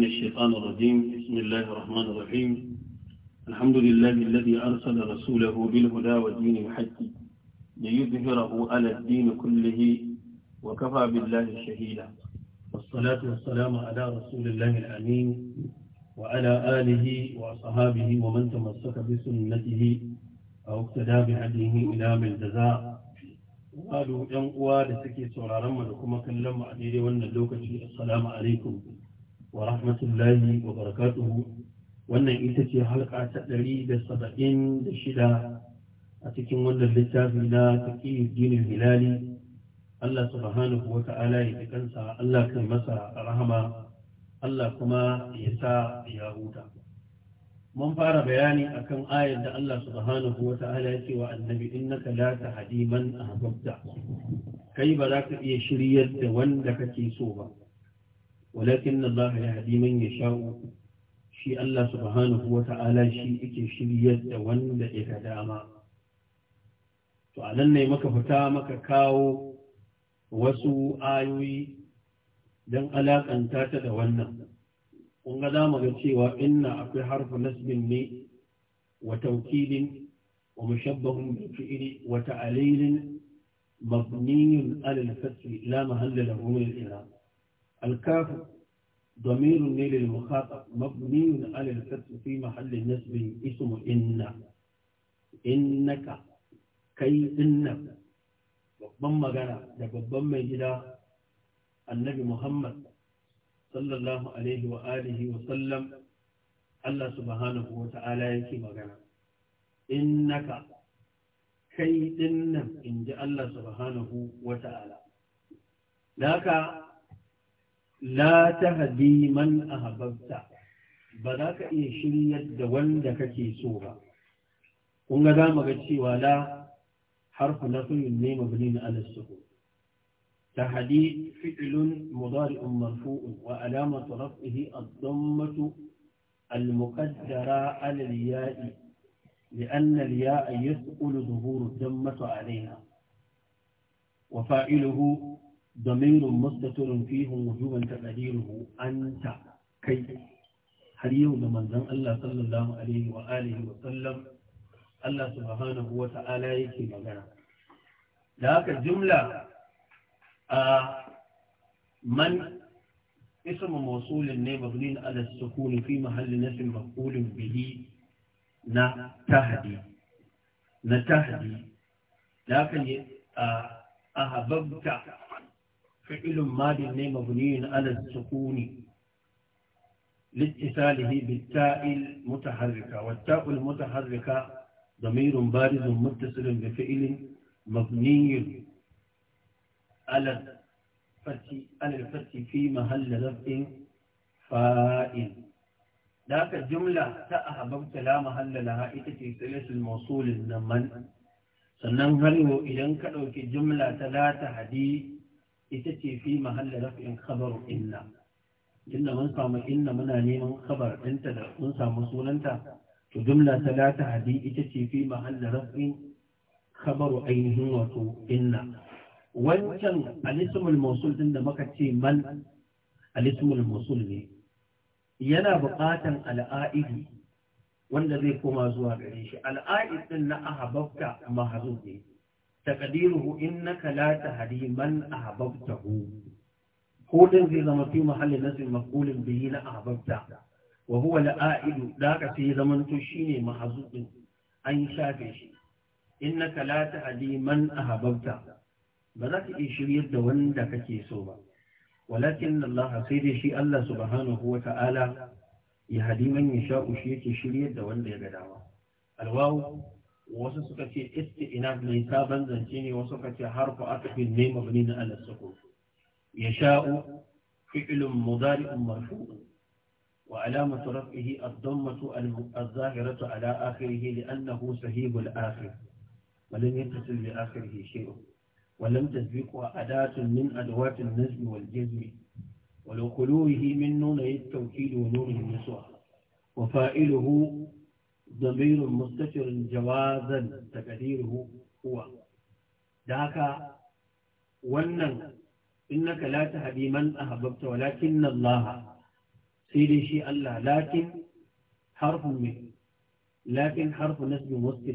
من الشيطان الرجيم بسم الله الرحمن الرحيم الحمد لله الذي أرسل رسوله بالهدى ودين الحق ليظهره على الدين كله وكفى بالله شهيدا والصلاة والسلام على رسول الله الأمين وعلى آله وصحابه ومن تمسك بسنته أو اقتدى بهديه إلى من الجزاء قالوا أن أواد سكي سورا رمضكم كلم عليه وأن السلام عليكم wa rahmatullahi wa barakatuhu wannan ita ce halka ta ɗari da saba'in da shida a cikin wannan littafi na ginin hilali Allah subhanahu wa ta'ala ya ji kansa Allah kan masa rahama Allah kuma ya sa ya huta mun fara bayani akan ayar da Allah subhanahu wa ta'ala ya ce wa annabi innaka la tahdi man ahbabta kai ba za ka iya shiryar da wanda kake so ba walakin Allah ya hadi man yasha'u shi Allah subhanahu ta'ala shi yake shiryar da wanda ya dama to a nan ne maka fita maka kawo wasu ayoyi don alakanta ta da wannan kun ga za mu ga cewa inna akwai harfu nasbin ne wa taukidin wa mushabbahun bi fi'li wa ta'alilin mabniyun ala al-fath la mahalla lahu min al-i'rab الكاف ضمير نيل المخاطب مبني على الفتح في محل نسب اسم إن إنك كي إنك babban magana da babban mai gida annabi Muhammad sallallahu alaihi wa wa sallam Allah subhanahu wa ta'ala yake magana innaka kai dinnan in ji Allah subhanahu wa ta'ala la tahdi man ahababta ba za ka iya shiryar da wanda kake so ba kun ga zamu ga cewa la harfu nafiyun ne mabni na alal sukun tahdi fi'lun mudari'un marfu'un wa alamatu raf'ihi ad-dammatu المقدرة على الياء لأن dan mata ظهور الدمة عليها وفاعله ضمير مستتر فيهم وجوبا تقديره أنت كي har yau da manzon Allah sallallahu alaihi wa alihi wa sallam Allah subhanahu wa ta'ala yake magana da haka jumla a man اسم موصول مبني على السكون في محل نسب مفعول به نتهدي نتهدي لكن أحببت فعل ماد مبني على السكون لاتصاله بالتاء المتحركة والتاء المتحركة ضمير بارز متصل بفعل مبني على الفتح على في محل رفع فائل ذاك الجملة بمت لا محل لها إتتي ثلاث الموصول النمن سننهر إذا كدوك جملة ثلاثة هدي ita ce fi mahalla rafin khabaru inna inda mun samu inna muna neman khabar ɗinta da mun samu sunanta to jumla ta hadi ita ce fi mahalla rafin khabaru ainihin wato inna wancan alismul mawsul din da muka ce man alismul mawsul ne yana buƙatan al'aidi wanda zai koma zuwa gare shi al'aid din na ahabbta mahzub ne تقديره إنك لا تهدي من أحببته هودن في زمن في محل نصب مفعول به لا أحببته وهو لآئد ذاك في زمن تشيني محظوظ أن شافي شيء إنك لا تهدي من أحببته بذلك إشرية دون دكتي سوبا ولكن الله سيد شيء الله سبحانه وتعالى يهدي من يشاء شيء شرية دون دكتي الواو wasu suka ce iske ina mai sabon zance ne wasu suka ce har ku aka fi ne na Allah su ya sha'u fi ilin mudari'un marfu wa alama su rafihi abdon matu al-zahira ta ala akirhi li annahu sahibul akhir walin yi tasir li akirhi shi'u walin tasbiku a adatun min adawatin nazmi wal jizmi walin kuluhi min nuna yi taukidu nuri nisuwa wa fa'iluhu ضمير da جوازا تقديره Da haka! wannan innaka la tahdi man ahbabta walakin Allah sai dai shi Allah lakin harfun mai lakin harfun nasbi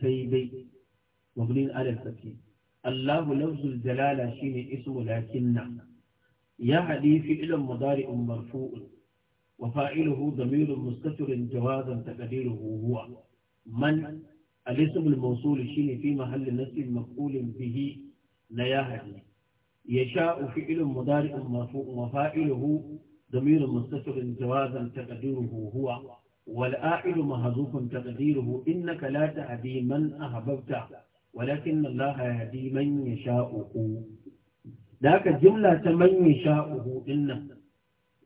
sai dai mabni alal fati Allah lafzu jalala shine ismu lakinna ya hadifi irin ilal mudari marfu'un وفائله ضمير مستتر جوازا تقديره هو من الاسم الموصول شين في محل نفس مفعول به نياهدي يشاء فعل مضارع مرفوع وفائله ضمير مستتر جوازا تقديره هو والآئل مهزوف تقديره إنك لا تهدي من أحببت ولكن الله يهدي من يشاءه ذاك الجملة من يشاءه إنك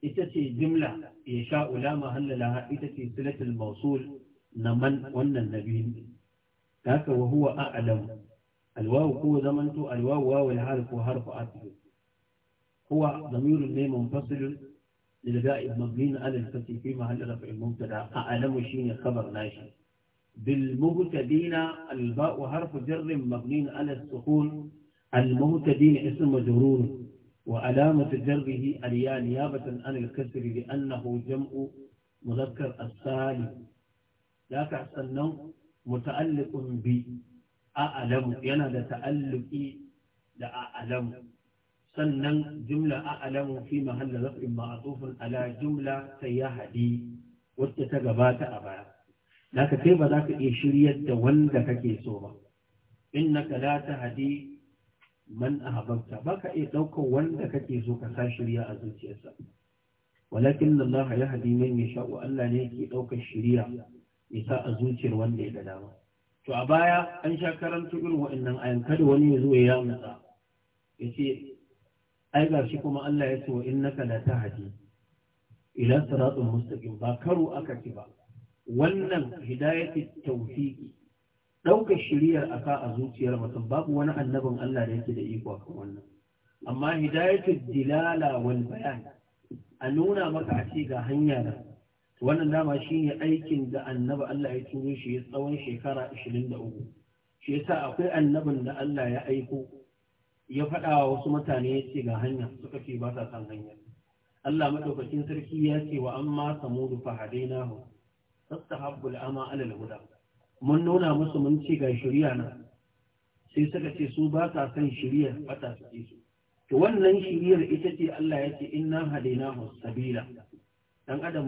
ita ce jimla ya sha ulama hallala ita ce silatul mausul na man wannan nabi haka wa huwa a'lam alwawu ko zamanto alwawu wawu alharfu harfu atbu huwa damirun ne munfasil للغائب مبني على الفتح في محل رفع المبتدا اعلم شيء خبر ناشئ بالمبتدين الباء حرف جر مبني على السكون المبتدين اسم مجرور وعلامة جره الياء نيابة عن الكسر لأنه جمع مذكر الثاني لا تحسن متعلق ب أعلم ينا ده تعلق لا أعلم سنن جملة أعلم في محل رفع معطوف على جملة سياحة دي وتتغبات أبا لا كيف ذاك إشريت وان ذاك إنك لا تهدي man ahabbta baka iya daukar wanda kake so ka sa shirya a zuciyarsa walakin Allah ya hadi man yasha wa Allah ne yake ɗaukar shiriya ya sa a zuciyar wanda ya ga dama to a baya an sha karanta irin wa'annan ayan kada wani ya zo ya yamutsa ya ce ai ga kuma Allah ya ce wa innaka la tahdi Idan siratin mustaqim ba karo aka ci ba wannan hidayatu tawfiqi ɗaukar shiriyar aka a zuciyar mutum babu wani annabin Allah da yake da iko kan wannan amma hidayatul dilala wal bayan a nuna maka a ce ga hanya nan. wannan dama shine aikin da annaba Allah ya turo shi ya tsawon shekara 23 shi yasa akwai annabin da Allah ya aiko ya faɗa wa wasu mutane ya ce ga hanya suka ce ba sa san hanya Allah madaukakin sarki ya ce wa amma samudu fa hadainahu ama ala huda mun nuna musu mun ce ga shirya nan sai suka ce su ba sa san shirya bata suke su to wannan shiryar ita ce Allah ya ce inna hadaina sabila dan adam